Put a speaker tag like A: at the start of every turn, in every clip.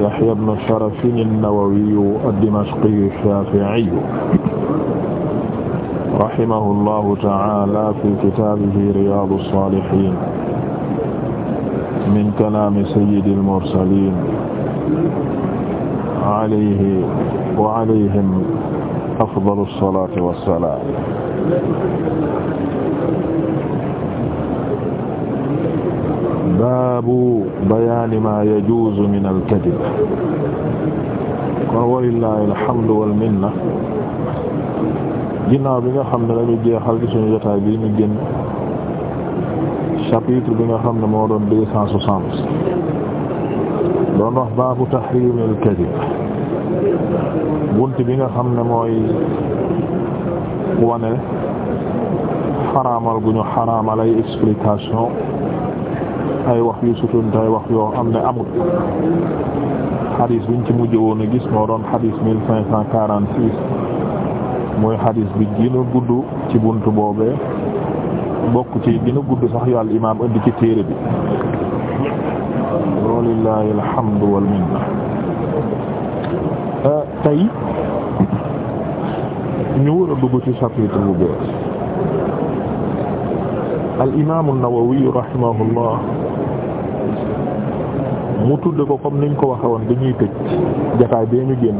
A: Yahya ibn Sharaf an-Nawawi ad-Dimashqi ash-Shafi'i rahimahullahu ta'ala fi kitaabihi Riyaadu s-Saalihiin min kalaami sayyidil mursaliin alayhi wa alayhim afdalu s-salaati wa s-salaam lisaani maa yajuuzu min al-kadib kon walillaahi alhamdu wal minna bi nga xam ne dañu jeexal ci suñu jotaay bii ñu génn chapitre bi nga xam ne moo doon deux cent soixante doon wax baabu tahriimil kadib bunt bi nga xam ne mooy wane xaraamal gu ñu xaraamal ay explication ay wax yu sutoon tay wax yoo am ne amul xadis biñ ci mujj woon a gis moo doon xadis mille cinq mooy xadis bi gën a gudd ci bunt boobee bokk ci gën a gudd sax yu al imaam indi ci téere bi walillahi alhamdu wal minna euh, ñu war dugg ci chapitre bu bees al imaam mu tudd ko comme niñ ko waxe woon dañuy tëj jataay bee ñu génn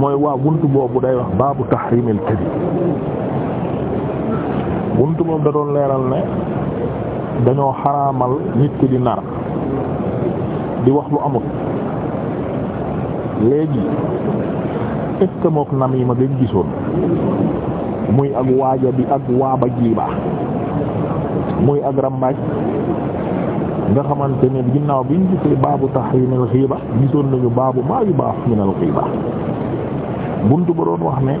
A: mooy waa wunt boobu day wax baabu tax tahrimil kadib buntu boobu da doon leeral ne dañoo xaraamal nit ki di nar di wax lu amut léegi est-ce que mook namima gañ gisoon muy ak waaja bi ak waaba jiiba muy ak rambaaj nga xamante ne ginnaaw biñ gisee baabu tahrimil ghiba gisoon nañu baabu maa yubaahu minal ghiba buntu ba doon wax ne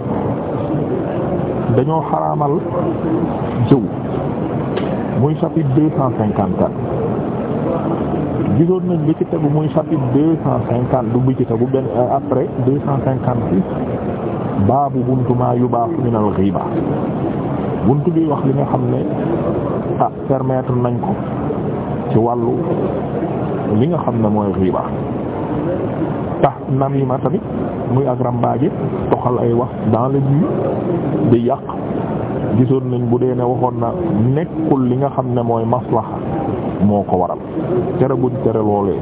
A: dañoo xaraamal jëw muy chapitre deux cinquante quatre gisoon nañ bi ci tegu muy chapitre deux du bi bu tegu benn euh, après deux cent cinquante six baabu buntu maa baax minal ghiba buntu bi wax li nga xam ne ah permettre nañ ko ci wàllu li nga xam ne mooy riba tax namima tamit muy ak rambaaje toxal ay wax dans le but yàq gisoon nañ bu dee ne waxoon na nekkul li nga xam ne mooy maslaha moo ko waral tere buñ tere loolee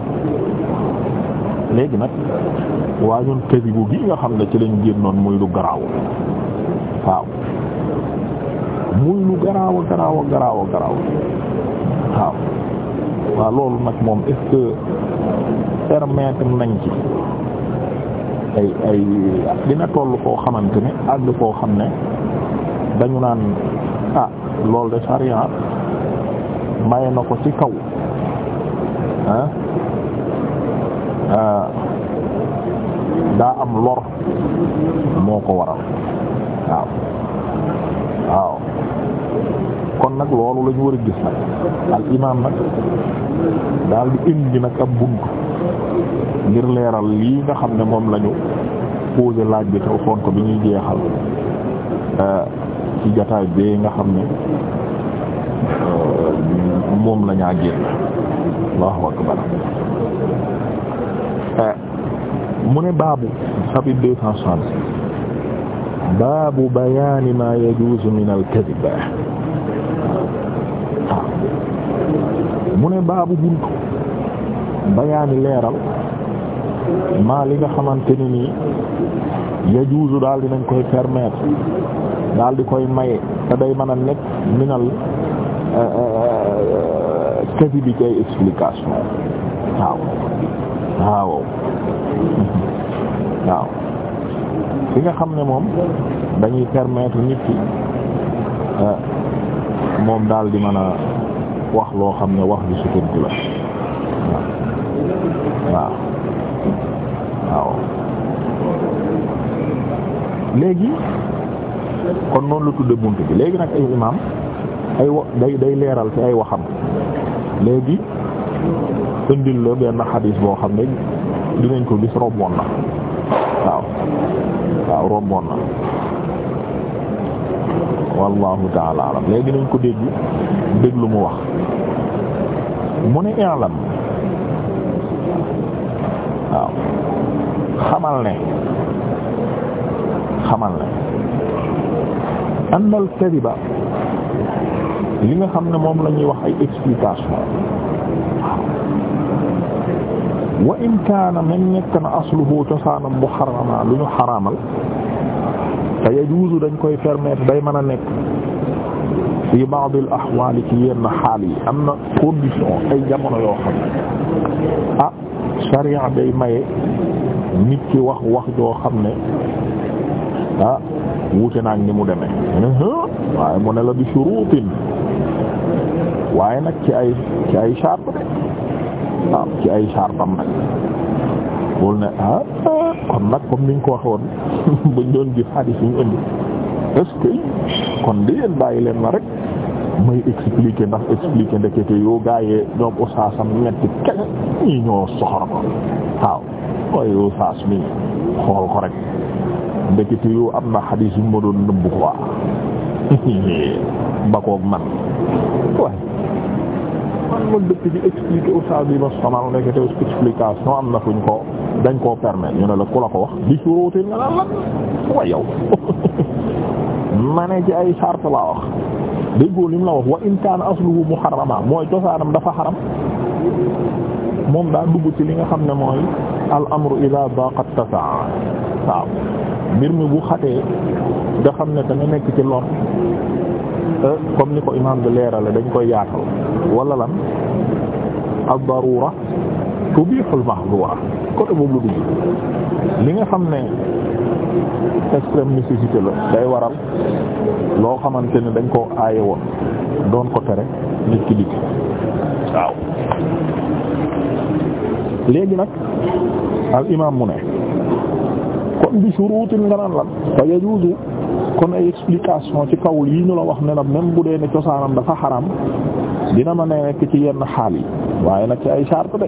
A: léegi nag waa ñun kasibu gi nga xam ne ci lañ génnoon muy lu garaaw waaw muy lu garaaw a garaaw waaw waaw loolu nag moom est-ce que permettre nañ ci ay ay dina toll koo xamante ni àdd foo xam ne dañu naan ah loolu de sariya maye na ko ci kaw ah, ah daa am lor moo ko waral waaw kon nag loolu la ñu war a gis nag al imaam nag daal di indi nag ab bunt ngir leeral lii nga xam ne moom lañu ñu laaj bi te waxoon bi ñuy jeexal euh, ci jataay bee nga xam ne euh, moom la génn Allahu akbar euh, mu ne baabu chapitre deux cent baabu bayaani ma yajuuzu min al-kadhib mu ne baabu buntu bayaani leeral maa li nga xamante ne nii yajuuzu daal dinañ koy permettre daal di koy maye te day mën a nekk minal kasi bi ci ay explication waaw waaw waaw fi nga xam ne moom dañuy permettre nit ki euh, moom daal di mën a wax loo xam ne wax ju sukkandiku la waaw waaw léegi kon noonu lu tudd bunt bi léegi nag ay imaam ay day day leeral ci ay waxam léegi indil la benn xadiis boo xam ne dinañ ko gis romboon na waaw waaw romboon na wallahu taala alam léegi nañ ko déglu déglu mu wax mu ne i'lam waaw xamal ne xamal ne anna al li nga xam ne moom la ñuy wax ay explication wa in kaana man nekk na asluhu cosaanam bu xaramaa lu ñu xaraamal te yajuuzu dañ koy permettre day mën a nekk fi ba'd al ahwaal ci yenn xaal yi am na condition ay jamono yoo xam ah sharia day maye nit ki wax wax joo xam ne ah wuute naag ni mu demee waaye mu ne la bi shuruutin waaye nag ci ay ci ay charte waaw ah, ci ay chartam nag bul ne ah kon nag comme niñ ko waxe woon buñ doon gis xadis yi indi est-ce que kon di yéen bàyyi leen ma rek may expliquer ndax expliquer ndekete yoo gaayee ñoom usaasam ñetti kese ñii ñoo soxor ko waaw koy usaas mi xool ko rek ndekete yoo am na xadis yu ma doon nëbb ko waa ba koog man waaye man ma dëkk di expliquer usaas bi ma sonal ndekete explication am na fuñ ko dañ koo permettre ñu ne la ku la ko wax di suróotin nga naan lan wa yow ci ay sart laa wax déggoo lim la wax wa in kaana asluhu muharrama mooy cosaanam dafa xaram moom daa dugg ci li nga xam ne mooy al amru ila daqat tasaa waaw mbir mi bu xatee nga xam ne danga nekk ci lor euh, comme ni ko imaam bi leerale dañ koy yaatal wala lan ad darura tubihul mahdura côté boobu la dugg li nga xam ne extrême nécessité la day waral loo xamante ne dañ koo aaye woon doon ko tere nit ki dikk waaw léegi nag al imam mu ne kon bi shurutin nga naan lan fa yajuzu kon ay explication ci kaw yi ñu la wax ne la même bu dee ne cosaanam dafa xaram dina ma ne nekk ci yenn xaal yi waaye nag ci ay charte de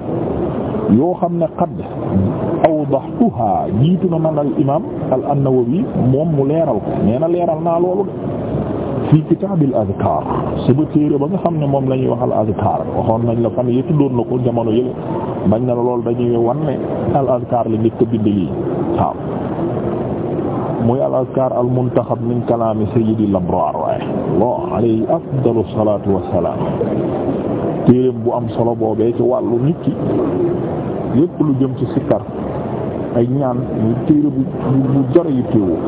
A: yoo xam ne qad awdahtuha jiitu na man al imaam al an moom mu leeral ko leeral naa loolu de fii kitaabil azkaar suba téere ba nga xam ne moom lañuy ñuy waxal azkaar waxoon nañ la fan yi tuddoon na ko jamono yële bañ na lool loolu dañuy wan al azkaar la njëkk a bind lii waaw muy al azkaar al muntaxab min kalaami sayyidil abraar waaye Allah alayhi afdalu salaatu wassalaam téereem bu am solo boobee ci wàllu nit ki lépp lu jëm ci sikkar ay ñaan ñu téere bu bu jar yi téewoo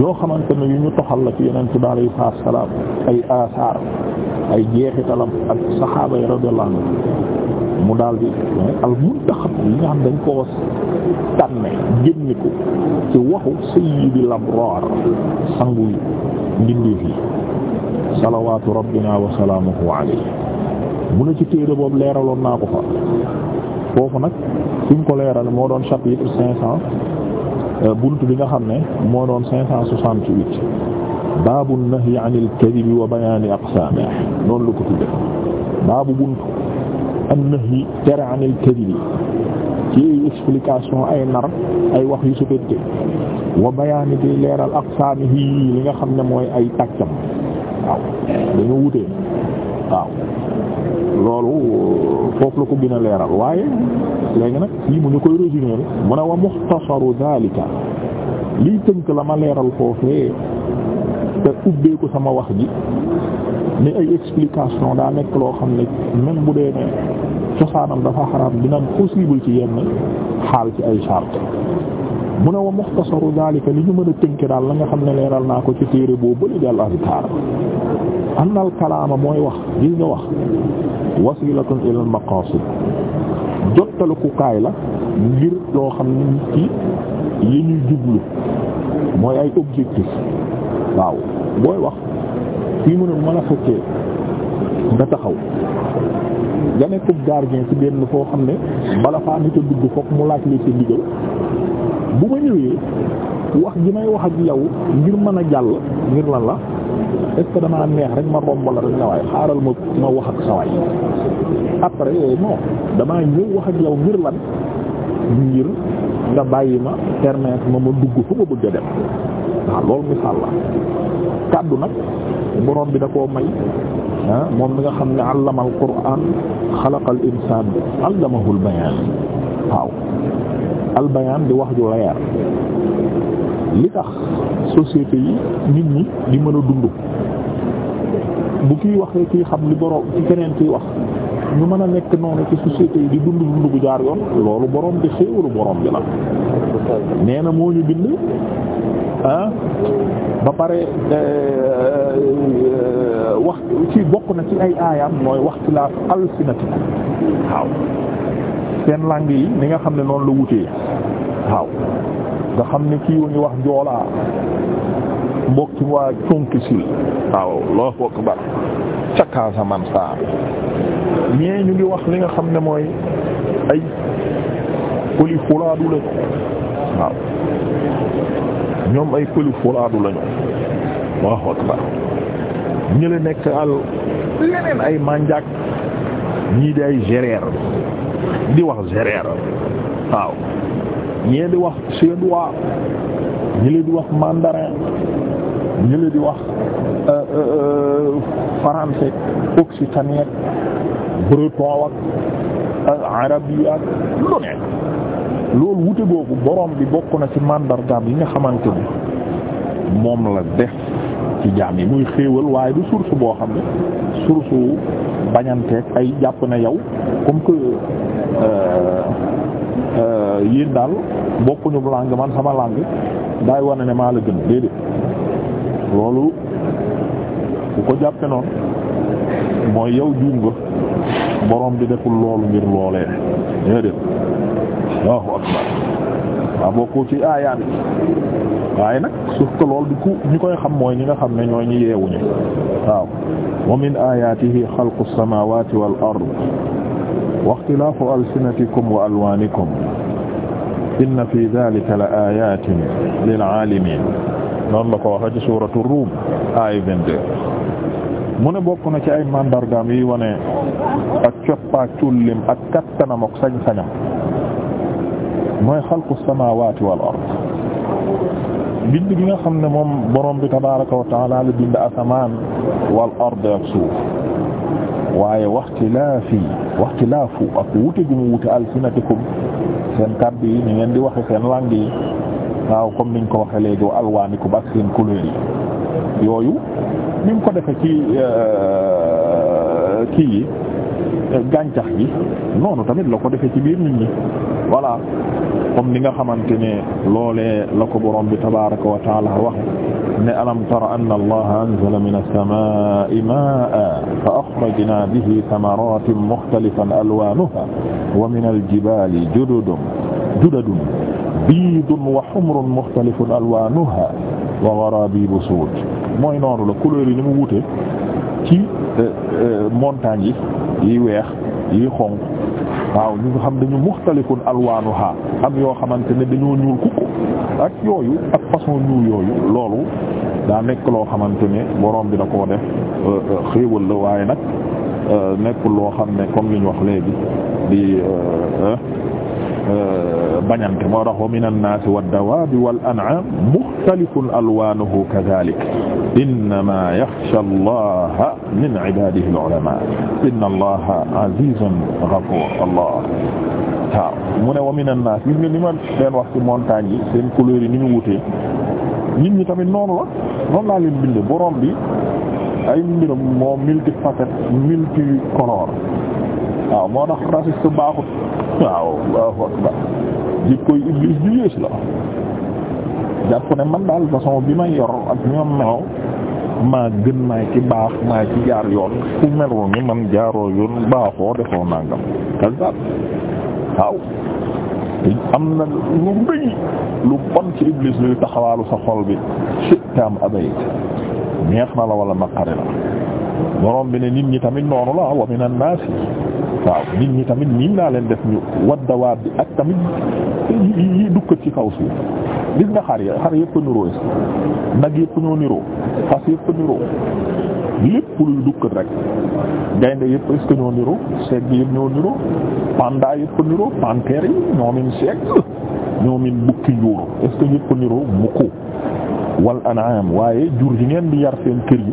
A: yoo xamante ne yu ñu toxal la ci yeneen bi alayhi salaatu salaam ay asaar ay jeexitalam ak saxaaba yi radiyallahu anhu mu daal di al muntaxab yi nga xam dañ koo tànne génne ko ci waxu sayyidil abrar sangu yi yi salawaatu rabbina wa salaamuhu mu ne ci téere boobu leeraloon naa ko fa foofu nag fi mu ko leeral moo doon chapitre cinq cent euh, bunt bi nga xam ne moo doon cinq cent soixante-huit baabu nahyi anil kadhibi wa bayaani aqsaamihi noonu la ko tudde baabu bunt an-nahyi tere anil kadhibi ci explication ay nar ay wax yu supete wa bayaani di leeral aqsaamihi li nga xam ne mooy ay tàccam waaw dañu wutee waaw loolu foofu la ko gën a leeral waaye léegi nag fii mu ñu koy résumé mu ne wa muxtasaru daalika liy tënk la ma leeral foofee te ubbeeku sama wax ji ni ay explication daa nekk loo xam ne même bu dee ne cosaanam dafa xaraam dina possible ci yenn xaal ci ay charte mu ne wa daalika li ñu mën a tënk daal la nga xam ne leeral naa ko ci téere boo bële daal azkaar anna kalaama mooy wax gis nga wax wasilatun ila al maqasid jottaliku kaay la ngir loo xam ne nit yi ñuy jublu mooy ay objectif waaw booy wax fii mu ne bu ma la fekkee nga taxaw nga nekkub gardien ci benn foo xam ne bala faa nit a dugg fokk mu laaj li ci ndigal bu ma ñëwee wax ji may wax ak yow ngir mën a jàll ngir lan la est ce damaa neex rek ma romb la rek nga waay xaaral ma ma wax ak sawaay après non damaa ñëw wax ak yow ngir lan ngir nga bàyyi ma permettre ma ma dugg fu bëgg a dem waaw loolu misaal la kàddu nag borom bi da koo may ah moom mi nga xam ne allamal qur'aan xalaqal insaan allamahul bayaan albayaan di wax ju leer li tax société yi nit ñi di mën a dund bu kiy waxee ki xam li borom ci keneen kiy wax ñu mën a nekk noonu ci société yi di dund dund bu jaar yoon loolu borom bi xéewalu boroom bi la nee na moo ñu bind ah, ba pare eh, eh, wax ci bokk na ci ay aayam mooy wax ci alsinatiku waaw seen làng yi ni nga xam ne noonu la wutee waaw nga xam ne kii wu ñu wax joolaa mbokki waa conki sil waaw loo wokk ba ca Casamance saa ñee ñu ngi wax li nga xam ne mooy ay pëli fulaadu lañu waaw ñoom ay pëli fulaadu lañu loo wokk ba ñële nekk al leneen ay manjaak ñii di ay gérer di wax gérer waaw ñee di wax suédois ñële di wax mandarin ñële di wax euh, euh, euh, français occitanien breton wak arabi ak lu ne loolu wute googu borom bi bokk na ci màndargaam yi nga xamante ni moom la def ci jaam yi muy xéewal waaye du source boo xam ne source bañanteeg ay jàpp na yow comme que euh, euh, yéen daal bokkuñu langue man sama langue daay wane ne maa la gën déedéet loolu bu ko jàppe noonu mooy yow juum nga boroom di deful loolu ngir loolee déedéet Allahu akbar waaw bokkul ci aaya bi waaye nag suuf ko lool di ku ñi koy xam mooy ñi nga xam ne ñooy ñi yeewuñu waaw wa min ayaatihi xalqu samaawaati wal ard wa ixtilaafu alsinatikum wa fi daalika la aayaatin lil aalamiin noonu la ko waxee ci suuratu Ruum aaya 22 mu ne bokk na ci ay mandargaam yi wane ak coppaa cullim ak kattanam ak sañ-sañam mooy xalqu samaawaati wal ard bind bi nga xam ne moom borom asamaan wal ard ak suuf waaye waxtilaafi waxtilaafu ak wute gu mu wute alsinatikum seen kàddu yi ni ngeen di waxe seen langue yi waaw comme niñ ko waxe léegi wa alwaanikum ak seen couleur yi yooyu ni mu ko defe ci euh, kii yi gàncax gi noonu tamit la ko defee ci biir nit ñi voilà comme ni nga xamante ne loole la ko borom bi tabaaraka wa taala waxe ne alam tara anna allaha anzala mina as-samaa'i maa'an fa akhrajnaa bihi thamaraatin mukhtalifan alwaanuhaa wa mina al-jibaali judadun judadun biidun wa humrun mukhtalifun alwaanuhaa wa gharaabiibu suud mooy noonu la couleur yi ni mu wuute ci euh, euh, montagne yi yi weex yi xonq waaw ñu nga xam dañu muxtalifun alwaanuha am yoo xamante ne dañoo ñuul kukk ak yooyu ak façon ñuul yooyu loolu daa nekk loo xamante ne borom bi da koo def euh, euh, xéewal la waaye nag euh, nekkul loo xam ne comme li ñu wax léegi di bañante moo tax wa min annaasi wad dawaabi wal an'aam muxtalifun alwaanuhu kadhalik innama yaxsha allaha min ibadihi al-ulama inna allah wa min an wax ci montagne yi seen couleur yi ni ñu wutee nit ñi tamit noonu la noonu laa leen binde borom bi ay mbiram moo multifacette multicolore waaw moo tax raciste baaxut waaw Allahu akbar jikkoy iblis ju yées la jàpp ne man daal façon bi ma yor ak ñoom melow maa gën maa ci baax maa ci jaar yoon ku meloo ni man jaaroo yoon baaxoo defoo nangam kasab waaw am na lu rëy lu bon ci iblis luy taxawaalu sa xol bi sittaam abayt neex na la wala naqari la borom bi ne nit ñi tamit noonu la wa minan waaw nit ñi tamit nii laa leen def ñu waddawaat bi ak tamit yi dukkat ci kaw suuf gis nga xar ya xar yëpp niroo nag yëpp ñoo niroo fas yëpp niroo lépp luy dukkat rek gaynde yëpp est-ce niroo seeg bi yëpp ñoo niroo panda yëpp a niroo panthère yi ñoomin seeg ñoomin bukki njuuro est-ce que yëpp a wal anaam waaye jur yi ngeen di yar seen kër yi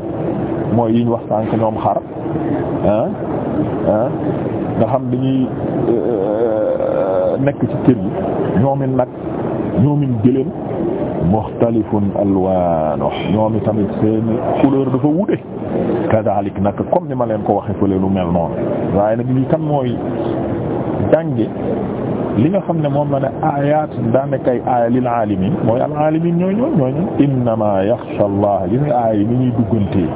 A: mooy yiñ wax sànk ñoom xar ah ah nga xam dañuy euh, nekk ci kër yi ñoomin nag ñoomin gëléem muxtalifun alwaano ñoomi tamit seeni couleur dafa wuute kadalik nag comme ni ma leen ko waxe fële lu mel noonu waaye nag li kam mooy jànge li nga xam ne moom la ne ayat daanaka ay aaya lil aalimin mooy al ñooy ñooy ñooy innama yaxsha allah yi ni ñuy duggantee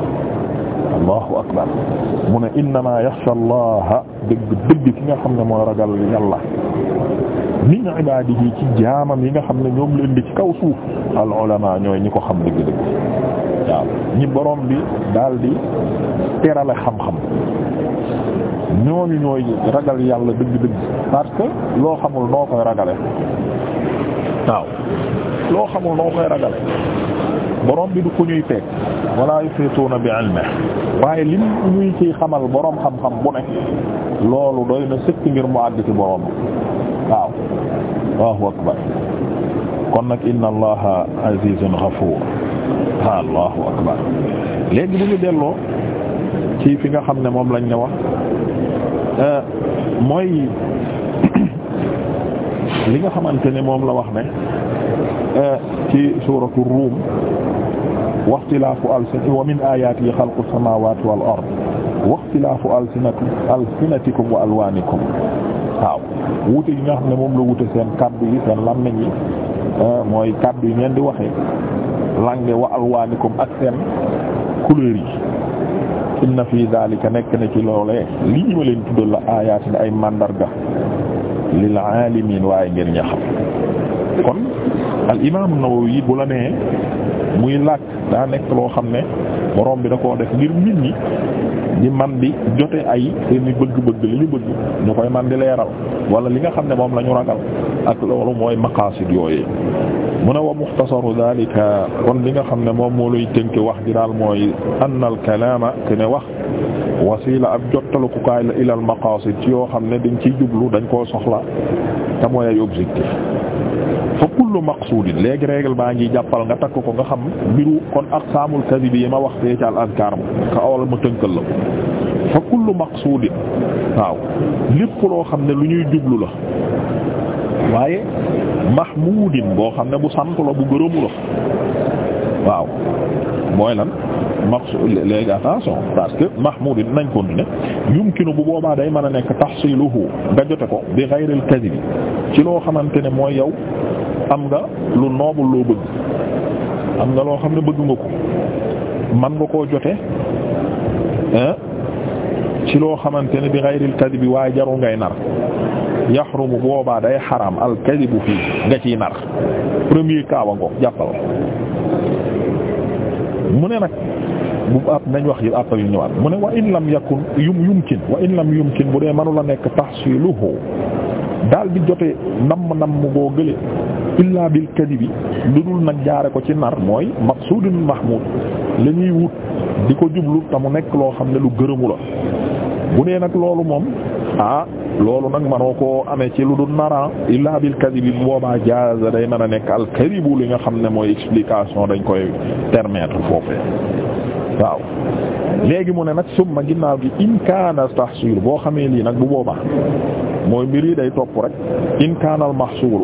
A: allahu akbar mu ne innama yaxsha allah dëgg dëgg ki nga xam ne mooy ragal yàlla min ibaadihi ci jaamam yi nga xam ne ñoom leen di ci kaw suuf al ulama ñooy ñi ko xam dëgg-dëgg waaw ñi borom bi daal di terale xam-xam ñooñu ñooy ragal yàlla dëgg-dëgg parce que loo xamul noo koy ragale waaw loo xamul noo koy ragale borom bi du ko ñuy peeg wala yuhituuna bi ilmi waaye lim ñuy ciy xamal borom xam-xam bu ne loolu doy na sëkk ngir mu àgg ci borom waaw Allahu akbar kon nag inna allaha azizun ghafuur Allahu akbar léegi bu ñu delloo ci fi nga xam ne moom lañ ne wax euh, mooy li nga xamante ne moom la wax ne euh, ci suuratu Ruum waxtilaafu alsinatikum wa min aayaatihi xalqu samaawaati wal alsinatikum wa alwaanikum waaw wuute yi nga xam ne moom la wuute seen kaddu yi seen làmmiñ yi euh, mooy kaddu yi ngeen di waxee langue wa alwaanikum ak seen couleur yi inna fi daalika nekk na ci loolee lii ma leen tuddal la aayaatin ay màndarga lil aalimiin waaye ngeen ña xam kon al imaam an-Nawawi bu la nee muy làkk daa nekk loo xam ne boroom bi da koo def ngir nit ñi di man di jote ay seeni bëgg-bëgg li ñu bëgg ñu koy man di leeral wala li nga xam ne moom la ñu ragal ak loolu mooy maqaasid yooyu mu ne wa muxtasaru dalika kon li nga xam ne moom moo luy tënk wax ji daal mooy anna al kalaama wax ne wax wasila ab jottalukukaay la ilal maqaasid ci yoo xam ne dañ ciy jublu dañ koo soxla te mooy ay objectif fa kullu maqsuudin léegi règle baa ngi jàppal nga takk ko nga xam mbiru kon aqsaamul kadhib yi ma wax fee ca al azkaar ka awal ma tënkal la ko fa kullu maqsuudin waaw lépp loo xam ne lu ñuy jublu la waaye mahmuudin boo xam ne bu sant la bu gërëmu la waaw mooy lan maqsuud léegi attention parce que mahmuudin nañ continuer yumkinu bu boobaa day mën a nekk tahsiluhu nga jote ko bi ghayril kadhib ci loo xamante ne mooy yow am nga lu noobul loo bëgg am nga loo xam ne bëgg nga ko man nga koo jote ci loo xamante ne bi gayril kadibi waaye jaru ngay nar yaxrumu boobaa day xaram al kadibu fii nga ciy nar premier kaawa ngoog jàppal mu ne nag bu ab nañ wax yi àppal yu ñëwaat mu ne wa in lam yakun yum yumkin wa in lam yumkin bu dee mënu la nekk tahsiluhu daal di jote namm namm goo gële illa bil kadibi lu dul nag jaare ko ci nar mooy maqsudul mahmud la ñuy wut di ko jublu tamu mu nekk loo xam ne lu gërëmu la bu dee nag loolu moom ah loolu nag manoo ko amee ci lu dul nara ah, illa bil kadibi boobaa jaaza day mën a nekk al kadibu li nga xam ne mooy explication dañ koy permettre foofee waaw léegi mu ne nag summa ginnaaw gi in kaana tahsul boo xamee lii nag bu boobaa mooy mbir yi day topp rek in kaana al mahsul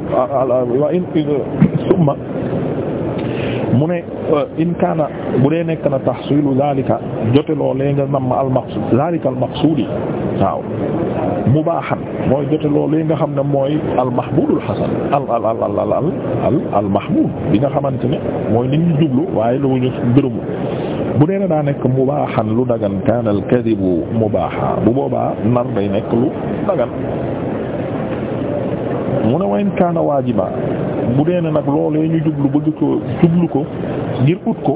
A: mu ne euh, in kaana bu dee nekk na tahsilu zalika jote loolee nga nam al maqsud zalika al maqsud yi waaw mubaahan mooy jote loolee nga xam ne mooy al mahmudul bi nga xamante ne mooy nit ñu jublu waaye lu ñu bu dee daa nekk mubaaxan lu dagan kaana al kadibu mubaaxa bu boobaa nar day nekk lu dagan mu ne wayn kaana waajiba bu dee nag loolee ñu jublu bëgg ko jublu ko ngir ut ko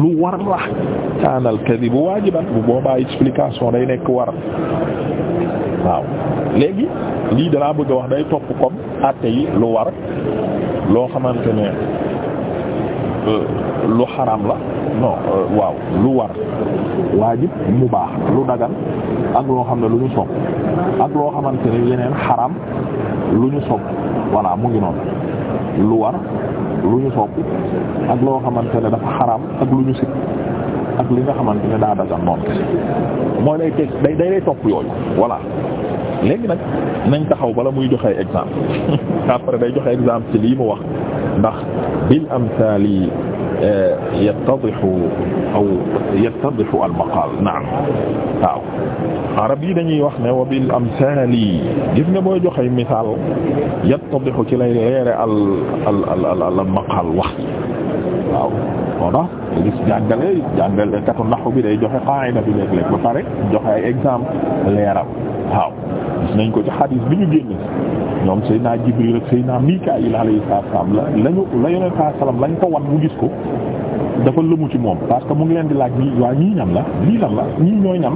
A: lu war la kaana al kadibu bu boobaa explication day nekk war waaw léegi lii dalaa bëgg a wax day topp comme àtte yi lu war loo xamante ne euh, lu xaram la non euh, waaw lu war waajib mu baax lu dagan ak loo xam ne lu ñu sopp ak loo xamante ne yeneen xaram lu ñu sopp voilà mu ngi noonu lu war lu ñu sopp ak loo xamante ne dafa xaram ak lu ñu sit ak li nga xamante ne daa dagan noonu mooy day teg day day topp yooyu voilà léegi nag nañ taxaw bala muy joxe exemple après day joxe exemple ci lii mu wax ndax bil amsali yattadixu aw yattadixu almaqaal naam waaw arab yi dañuy wax ne wa bil amsaali gis nga booy joxe misaal yattadixu ci lay leere al al al al almaqaal wax waaw moo tax gis jàngale jàngale katu naxu bi day joxe qaayida bi léeg-léeg ba pare joxe ay exemple leeral waaw gis nañ ko ci xadiis bi ñu génn ñoom Seydina Jibril ak Seydina Mikaayil alayhi salaam la lañu la yoneen saa salaam lañ ko wan mu gis ko dafa lëmu ci moom parce que mu ngi leen di laaj ñii waa ñii ñam la lii lan la ñii ñooy ñam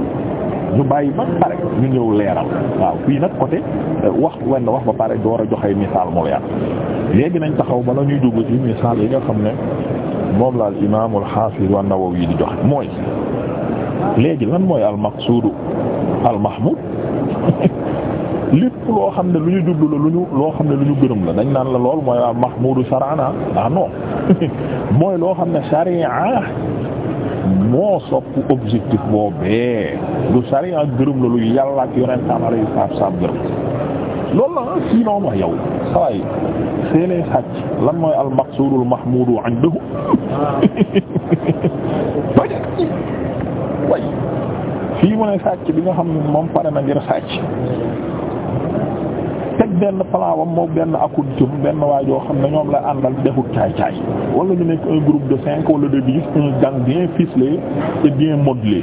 A: ñu bàyyi ba pare ñu ñëw leeral waaw fii nag côté euh, wax wenn wax ba pare door a joxay misaal mu leer léegi nañ taxaw bala ñuy dugg ci misaal yi nga xam ne moom la al imaam al xaafis wa Nawawi di joxe mooy léegi lan mooy al maqsuudu al mahmuud lépp loo xam ne lu ñu jublu la lu ñu loo xam ne lu ñu gërëm la dañ naan la lool mooy waa mahmudu sharana ah non mooy loo xam ne sharia moo sopp objectif boobee lu sharia gërëm la lu yàlla ak yonentam alayhi salaatu salaam gërëm loolu la ah sinon wax yow sawaay seenee sàcc lan mooy al maqsuudul mahmudu indahu ah. way fii mu ne sàcc bi nga xam ne moom pare na ngir sàcc teg benn palaawam moo benn akut jëm benn waay yoo xam ne ñoom la àndal defut caay-caay wala ñu nekk un groupe de cinq wala de dix un gang bien ficelé et bien modelé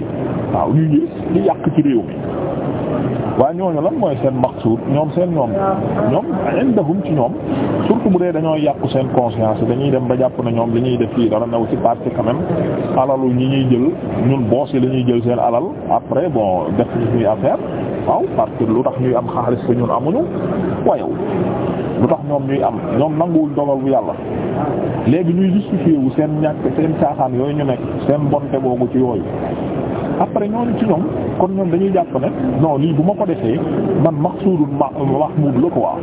A: waaw ñu yées di yàq ci réew mi waaye ñooñu la mooy seen maqsuud ñoom seen ñoom ñoom indahum ci ñoom surtout bu dee dañoo yàqu seen conscience dañuy dem ba jàpp na ñoom li ñuy def fii dara naw ci parce que quand même alalu ñi ñuy jël ñun boos yi lañuy ñuy jël seen alal après bon def ñuy affaire waaw parce que lu tax ñuy am xaalis fa ñun amuñu wayow lu tax ñoom ñuy am ñoom nanguwul dogal yàlla léegi ñuy justifié seen ñàkk seen caaxaan yooyu ñu nekk seen bonte boobu ci yooyu après ñooñu ci ñoom kon ñoom dañuy jàpp ne non lii bu ma ko defee man maqsuudul mahmuud la quoi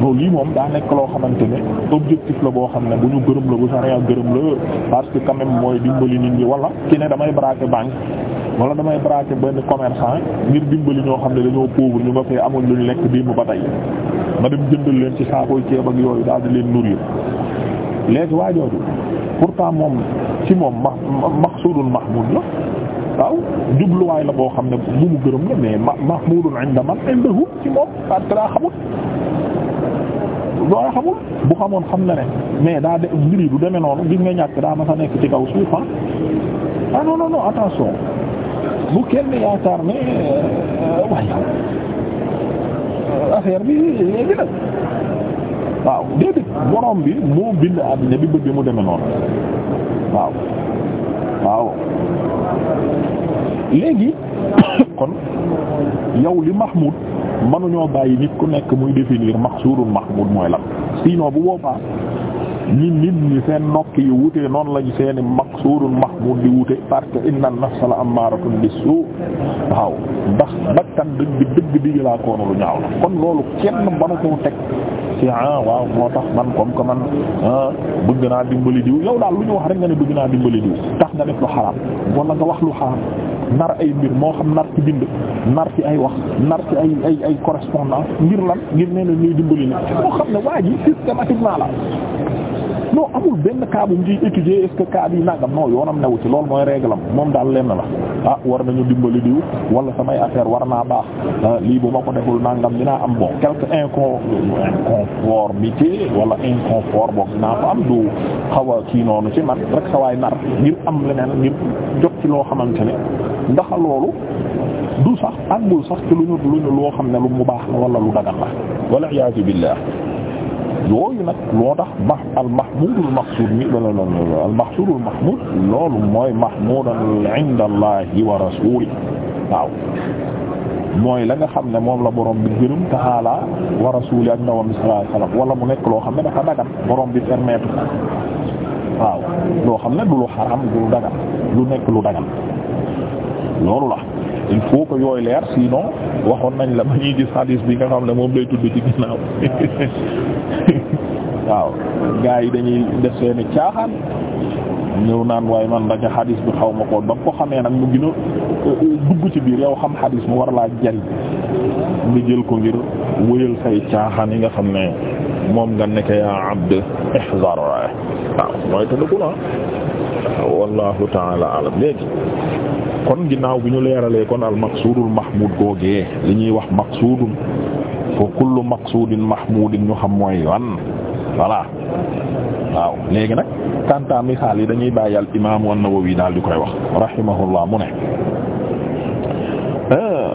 A: non lii moom daa nekk loo xamante ne objectif la boo xam ne bu gërëm la bu sariya gërëm la parce que mooy dimbali nit ñi wala ki ne damay braquer banque wala damay braquer benn commerçant ngir dimbali ñoo xam ne dañoo pauvre ñu nga fee amul lu ñu lekk démb ba tey ma dem jëndal leen ci saakoy ceeb ak yooyu daal di leen nourrir léegi waajooju pourtant moom ci moom ma maqsuudul mahmuud la waaw jubluwaay la boo xam ne bu mu gërëm la mais ma mahmudun inda man indahu ci moom parce que daa xamul loola xamul bu xamoon xam na ne mais daa de mbir yi du demee noonu gis nga ñàkk daa ma sa nekk ci kaw suuf ah. ah non non non attention bu kenn yaakaar ne euh, waaye affaire bi léegi nag waaw déedéet borom bi moo bind àddina bi bëgg mu demee noonu waaw waaw léegi kon yow li mahmud mënuñoo bàyyi nit ku nekk muy définir maqsuudul mahmud mooy lan sinon bu boobaa nit nit ñi seen nokk yi wute noonu lañu seeni maqsuudul mahmud di wute parce que inna nafsa la amaaratun bisu waaw ndax bakkan dëgg dëgg diggalaa koonu lu ñaaw la kon loolu kenn mënu koo teg si ah waaw moo tax man koom que man ah bëgg naa dimbali diw yow daal lu ñu wax rek nga ne bëgg naa dimbali diw tax nga def lu xaraam wala nga wax lu xaraam nar ay mbir moo xam nar ci dind nar ci ay wax nar ci ay ay ay correspondance ngir lan ngir nee na ñuy dimbali ni moo xam ne waa ji systématiquement la non amul benn cas bu mu ciy étudier est-ce que cas bi nangam non yoonam newu ci loolu mooy réglam moom daal lenn la ah war nañu dimbali diw wala samay affaire war naa baax ah, lii bu ma ko deful nangam dinaa am bon quelque incon inconformité wala inconfort boobu dinaa ko am du xaw a kii noonu ci man rek sa waay nar ngir am leneen ngir jot ci loo xamante ne ndax loolu du sax àggul sax ci lu ñu loo xam ne lu mu baax la wala lu dagal la wala iyaazu billah yooyu nag loo tax ma al mahmudul maqsud mi al mahsudul loolu mooy mahmudan inda allahi wa rasuli waaw mooy la nga xam ne moom la boroom bi gërëm taala wa rasuli ak ndawam sallallahu alayhi wasallam wala mu nekk loo xam ne dafa dagat borom bi permettre waaw loo xam ne du lu xaram du nekk lu dagat loolu la il faut yooyu leer sinon waxoon nañ la ba ñuy gis hadis bi nga xam ne moom lay tudd ci ginnaaw waaw gaa yi dañuy def seeni caaxaan ñëw naan waaye man ndake hadis bi xaw ma ko ba ko xamee nag mu gën euh, dugg ci biir yaw xam hadis mu war laa jariñ nga jël ko ngir wëyal say caaxaan yi nga xam ne moom nga nekk yaa abd ihzar waaw mooy te dëggu na wallahu ta'ala alam léegi kon ginnaaw bi ñu leeralee kon al maqsuudul mahmud googee li ñuy wax maqsuudun fa kullu maqsuudin mahmudin ñu xam mooy lan voilà waaw léegi nag kanta misaal yi dañuy bàyyi al imaam an-Nawawi daal di koy wax rahimahullah mu ne euh,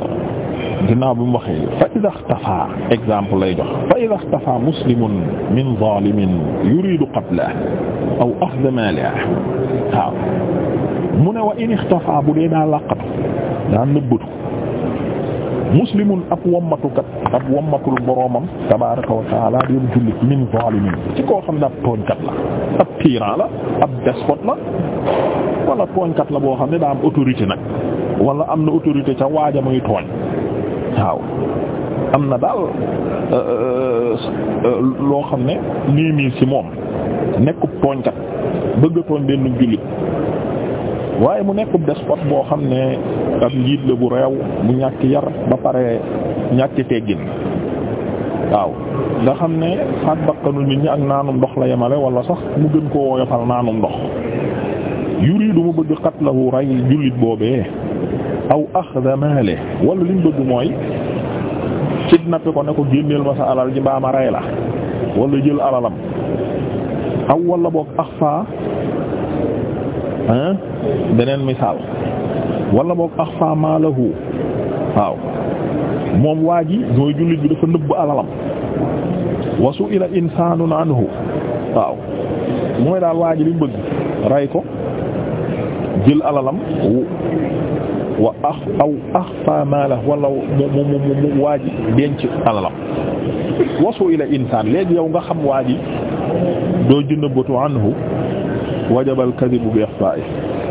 A: ginnaaw bi mu waxee fa ida xtafa exemple lay jox fa ida xtafa muslimun min zalimin yuridu qatlahu aw axda malahu waaw mu ne wa in ixtafa bu dee daa làqatu daa nëbbatu muslimun ab wammatukat ab wammatul boroomam tabaraka wa taala dém jullit min zalimin ci koo xam ne ab tooñkat la ab tyran la ab despote la wala tooñkat la boo xam ne daa am autorité nag wala am na autorité ca waaja muy tooñ waaw am na daal euh, euh, euh, loo xam ne nii mii moom nekkub tooñkat bëgg tooñ benn jullit waaye mu nekk despot boo xam ne ab njiit la bu réew bu ñàkk yar ba pare ñàkk teggin waaw nga xam ne faat bakkanu nit ñi ak naanum ndox la yemale wala sax mu gën koo woyofal naanum ndox yuridu mu bëgg qatlahu rey jullit boobee aw axda maale wala li mu bëgg mooy kidnappé ko ne ko génneel ma sa alal ji mbaa ma rey la wala jël alalam aw wala boog axfa ah beneen misaal wala boog axfa maalahu waaw moom waa ji mooy jullit bi dafa nëbb alalam wa su'ila insanun anhu waaw mooy daal waa ji li mu rey ko jël alalam wa ax aw axfa maalahu wala mu mu mu mu waa ji denc alalam wa su'ila insaan léegi yow nga xam waa doo jënd bëtu anhu wajaba al-kadhibu bi ikhfa'ihi